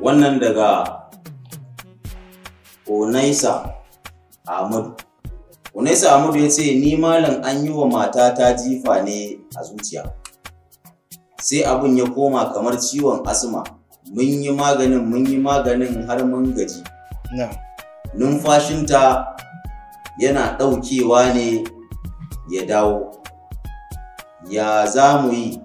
wannan daga Onaisa Ahmadu. Onaisa Ahmadu ya ce, Ni malam an yi wa ta jifa ne a zuciya. Sai abin ya koma kamar ciwon asma. Mun yi maganin, mun yi maganin har mun gaji. Numfashinta yana ɗaukewa ne ya dawo. Ya za mu yi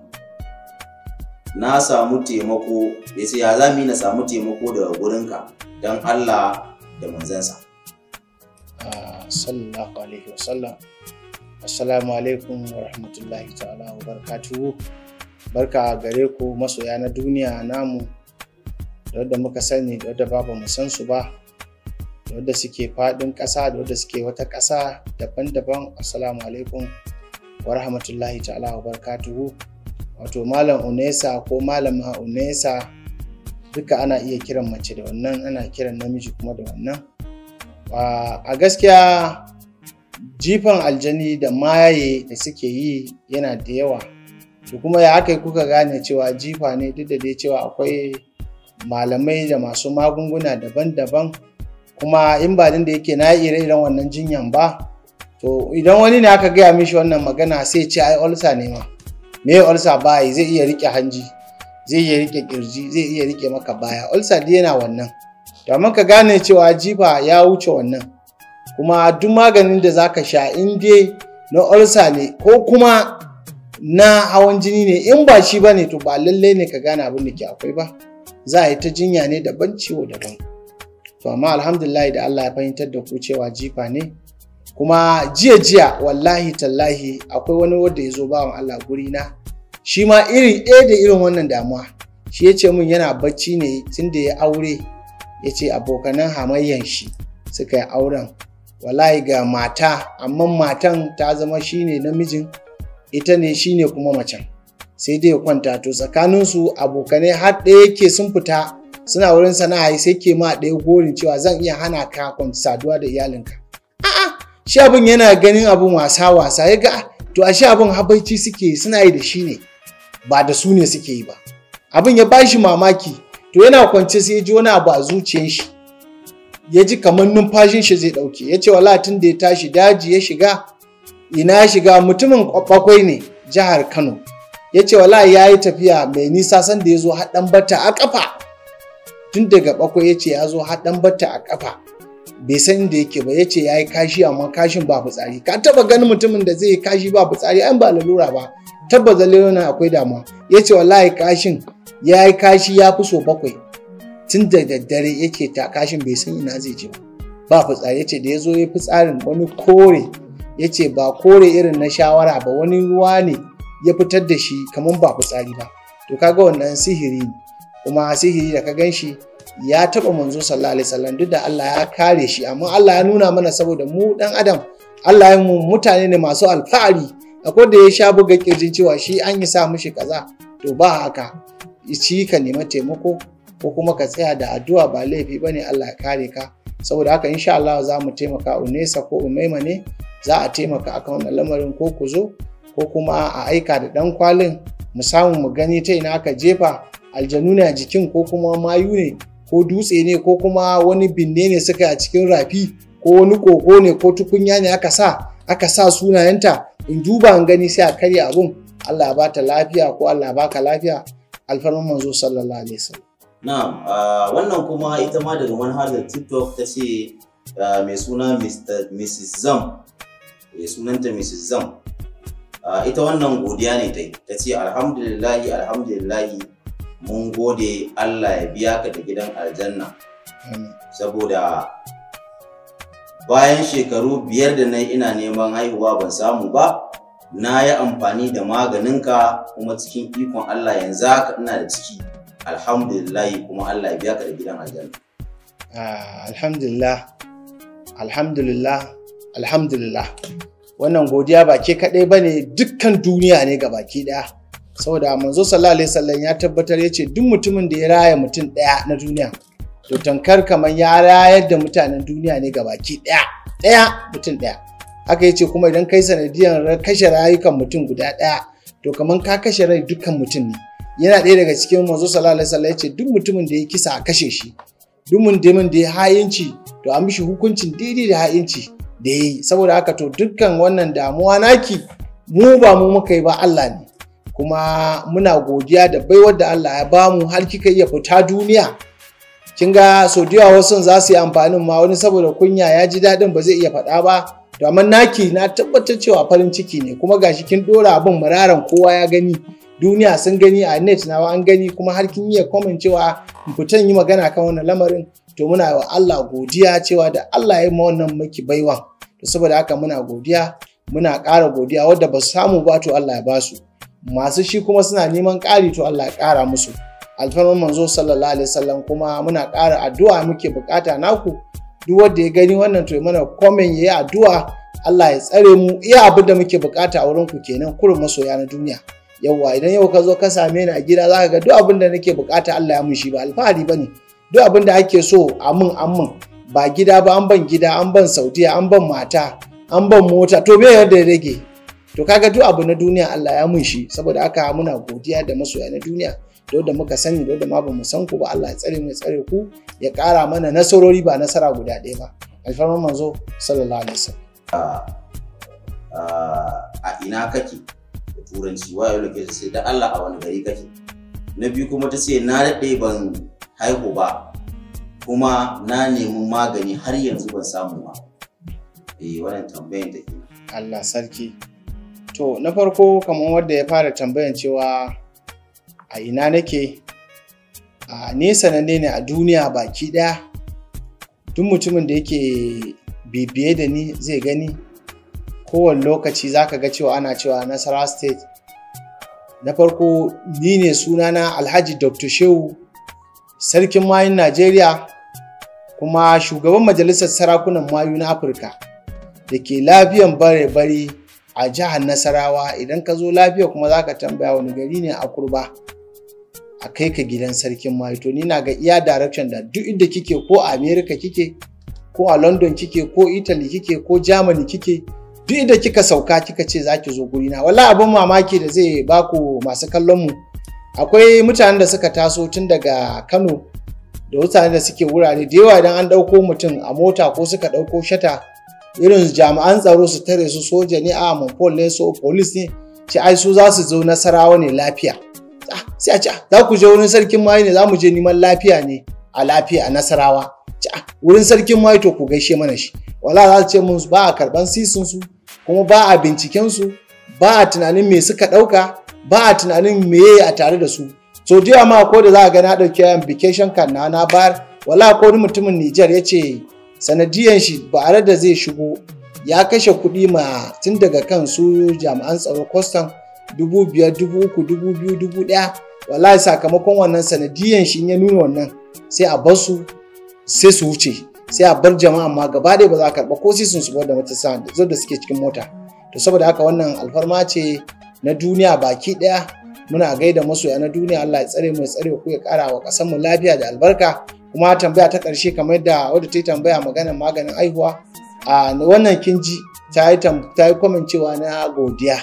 na samu taimako ya ce ya zami na samu taimako daga gurinka don Allah da manzansa. Ah, sallallahu Alaihi Wasallam. Assalamu alaikum wa rahmatullahi ta'ala wa barkatuhu. Barka gare ku masoya na duniya namu da wadda muka sani da wadda babu mu san su ba da wadda suke fadin kasa da wadda suke wata kasa daban-daban assalamu alaikum wa rahmatullahi ta'ala wa barkatuhu. wato malam unesa ko malama unesa duka ana iya kiran mace da wannan ana kiran namiji kuma da wannan a gaskiya jifan aljani da maye da suke yi yana da yawa da kuma ya aka kuka gane cewa jifa ne duk da dai cewa akwai malamai da masu magunguna daban-daban kuma in ba da yake na ire-iren wannan jinyan ba to idan wani ne aka gaya mishi wannan magana sai ce ai olsa ne ma me ulcer baya zai iya rike hanji zai iya rike kirji zai iya rike maka baya ulcer dai yana wannan to amma ka gane cewa jifa ya wuce wannan kuma duk maganin da zaka sha in dai na ulcer ne ko kuma na hawan jini ne in ba shi ba ne to ba lallai ne ka gane abin da ke akwai ba za a yi ta jinya ne daban ciwo daban to amma alhamdulillah da Allah ya fahimtar da ku cewa jifa ne kuma jiya jiya wallahi tallahi akwai wani wanda ya zo bawan Allah guri na shi ma irin ɗaya da irin wannan damuwa shi ya ce min yana bacci ne tunda ya aure ya ce abokanan hamayyan shi suka yi auren wallahi ga mata amma matan ta zama shine namijin ita ne shine kuma macen sai dai kwanta to tsakaninsu abokanai har ɗaya yake sun fita suna wurin sana'a sai ke ma ɗaya gorin cewa zan iya hana ka saduwa da iyalinka shi abin yana ganin abin wasa wasa ya ga to a shi abin habaici suke suna yi da shi ne ba da su ne suke yi ba abin ya bashi mamaki to yana kwance sai ya ji wani abu a zuciyar shi ya ji kamar numfashin shi zai dauke ya ce wala tun da ya tashi daji ya shiga ina ya shiga mutumin bakwai ne jihar kano ya ce wala ya yi tafiya mai nisa sanda ya zo haɗan bata a ƙafa tun daga bakwai ya ce ya zo haɗan bata a ƙafa bai san da yake ba yace yayi kashi amma kashin ba fitsari ka taba ganin mutumin da zai kashi ba fitsari an ba lalura ba tabbata lalura akwai damuwa yace wallahi kashin yayi kashi ya fi so bakwai tun da daddare yake ta kashin bai san ina zai je ba fitsari yace da yazo ya tsarin wani kore yace ba kore irin na shawara ba wani ruwa ne ya fitar da shi kamar ba fitsari ba to kaga wannan sihiri kuma sihiri da ka gan shi ya taɓa manzo sallallahu alaihi wasallam duk da Allah ya kare shi amma Allah ya nuna mana saboda mu dan adam Allah ya mu mutane ne masu alfahari akwai da ya sha buga kirjin cewa shi an yi sa mushi kaza to ba haka shi ka nema taimako ko kuma ka tsaya da addu'a ba laifi bane Allah ya kare ka saboda haka insha Allah za mu taimaka unesa ko umaima ne za a taimaka akan wannan lamarin ko ku zo ko kuma a aika da dan kwalin mu samu mu gani ta ina aka jefa aljanu ne a jikin ko kuma mayu ne ko dutse ne ko kuma wani binne ne suka a cikin rafi ko wani koko ne ko tukunya ne aka sa aka sa sunayenta in duba in gani sai a karya abun Allah ba ta lafiya ko Allah ba ka lafiya alfarman manzo sallallahu alaihi wasallam na'am ah, wannan kuma ita ma daga manhajar TikTok ta ce ah, mai suna Mrs. Zam mai sunanta Mrs. Zam ah, ita wannan godiya ne ta ce alhamdulillah alhamdulillah. mun gode Allah ya biya ka da gidan aljanna saboda bayan shekaru biyar da na ina neman haihuwa ban samu ba na yi amfani da maganinka kuma cikin ikon Allah yanzu haka ina da ciki alhamdulillah kuma Allah ya biya ka da gidan aljanna ah, alhamdulillah alhamdulillah alhamdulillah wannan godiya ba ke kaɗai ba ne dukkan duniya ne ga baki ɗaya saboda manzo sallallahu alaihi wasallam ya tabbatar ya ce duk mutumin da ya raya mutum ɗaya na duniya to tankar kamar ya rayar da mutanen duniya ne gabaki ɗaya ɗaya mutum ɗaya haka ya ce kuma idan kai sanadiyar kashe rayukan mutum guda ɗaya to kamar ka kashe rai dukkan mutum ne yana ɗaya daga cikin manzo sallallahu alaihi wasallam ya ce duk mutumin da ya kisa a kashe shi duk mutumin da ya hayinci to an mishi hukuncin daidai da hayinci da ya yi saboda haka to dukkan wannan damuwa naki mu ba mu muka yi ba Allah ne kuma muna godiya da baiwar da Allah ya bamu har kika iya fita duniya kin ga so da yawa wasu za su yi amfani ma wani saboda kunya ya ji daɗin ba zai iya faɗa ba to amma naki na tabbatar cewa farin ciki ne kuma gashi kin dora abin muraran kowa ya gani duniya sun gani a net nawa an gani kuma har kin iya komen cewa fitan yi magana kan wannan lamarin to muna wa Allah godiya cewa da Allah ya ma wannan maki baiwa to saboda haka muna godiya muna ƙara godiya wadda ba su samu ba to Allah ya basu masu shi kuma suna neman ƙari to Allah ya ƙara musu alfarman manzo sallallahu alaihi wasallam kuma muna ƙara addu'a muke bukata naku duk wanda ya gani wannan to ya mana comment yayi addu'a Allah ya tsare mu iya abin da muke bukata a wurin ku kenan kurin masoya na duniya yawwa idan yau ka zo ka same ni a gida zaka ga duk abin da nake bukata Allah ya mun shi ba alfahari bane duk abin da ake so a mun an mun. ba gida ba an ban gida an ban saudiya an ban mata an ban mota to me yadda ya rage to kaga duk abu na duniya Allah ya mun shi saboda aka muna godiya da masoya na duniya da da muka sani da ma ba mu san ku ba Allah ya tsare mu ya tsare ku ya kara mana nasarori ba nasara guda ɗaya ba alfarman manzo sallallahu alaihi wasallam a ina kake da turanci wayo lokaci sai da Allah a wani gari kake na biyu kuma ta ce na daɗe ban haihu ba kuma na nemi magani har yanzu ban samu ba eh wannan tambayar take Allah sarki to na farko kamar wadda ya fara tambayan cewa a ina nake a nesa na ne a duniya baki daya duk mutumin da yake bibiye da ni zai gani kowane lokaci za ka ga cewa ana cewa nasara state na farko ni ne sunana alhaji dr shehu sarkin mayun najeriya kuma shugaban majalisar sarakunan mayu na afirka da ke lafiyan bare-bare a jihar Nasarawa idan ka zo lafiya kuma za ka tambaya wani gari ne a kurba a kai ka gidan sarkin mai to ni na ga iya direction da duk inda kike ko a America kike ko a London kike ko Italy kike ko Germany kike duk inda kika sauka kika ce za ki zo guri na wala abin mamaki da zai baku masu kallon mu akwai mutanen da suka taso tun daga Kano da mutanen da suke wurare da yawa idan an ɗauko mutum a mota ko suka ɗauko shata irin jami'an tsaro su tare su soja ne a ko ne so polis ne ce ai su za su zo nasarawa ne lafiya ah, sai a ce ah, za ku je wurin sarkin mai ne za mu je neman lafiya ne a lafiya a nasarawa ah, wurin sarkin mai to ku gaishe mana shi wala za su ce mun ba a karban sisin su kuma ba a binciken su ba a tunanin me suka dauka ba a tunanin me meye a tare da su so jiya ma ko da za a ga na dauke yan vacation kan na na bayar wala ko mutumin Niger ya ce sanadiyan shi bare da zai shigo ya kashe kuɗi ma tun daga kan su jami'an tsaro kwastam dubu biyar dubu uku dubu biyu wallahi sakamakon wannan sanadiyan shi ya nuna wannan sai a bar su sai su wuce sai a bar jama'a ma gaba ɗaya ba za a karɓa ko sai sun su da matasa da da suke cikin mota to saboda haka wannan alfarma ce na duniya baki ɗaya muna gaida masoya na duniya Allah ya tsare mu ya tsare ku ya ƙara wa ƙasar mu lafiya da albarka kuma tambaya ta ƙarshe kamar yadda wadda ta yi tambaya maganin maganin aihuwa a wannan kin ji ta yi kwamin cewa na godiya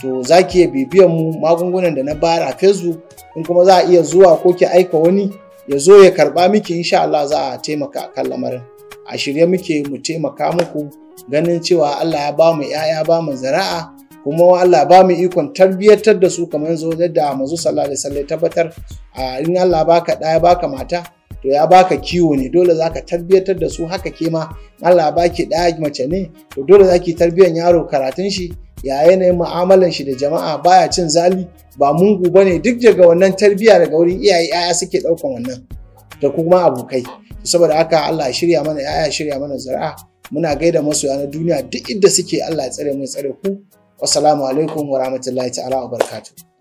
to za ki iya bibiyan mu magungunan da na bayar a facebook in kuma za a iya zuwa ko ki aika wani ya zo ya karba miki insha Allah za a taimaka a kan lamarin a shirye muke mu taimaka muku ganin cewa Allah ya ba mu ‘ya'ya ba mu zara'a kuma Allah ba mu ikon tarbiyatar da su kamar yanzu. da mazu sallallahu alaihi wasallam tabbatar a in Allah baka ɗaya baka mata to ya baka kiwo ne dole zaka tarbiyatar da su haka ke ma Allah baki ɗaya mace ne to dole zaki tarbiyan yaro karatun shi ya yanayin mu'amalan shi da jama'a baya cin zali ba mungu bane duk daga wannan tarbiya daga wurin iyaye yaya suke ɗaukan wannan da kuma abokai saboda haka Allah ya shirya mana yaya shirya mana zara'a muna gaida masoya na duniya duk inda suke Allah ya tsare mu tsare ku assalamu alaikum wa ta'ala wa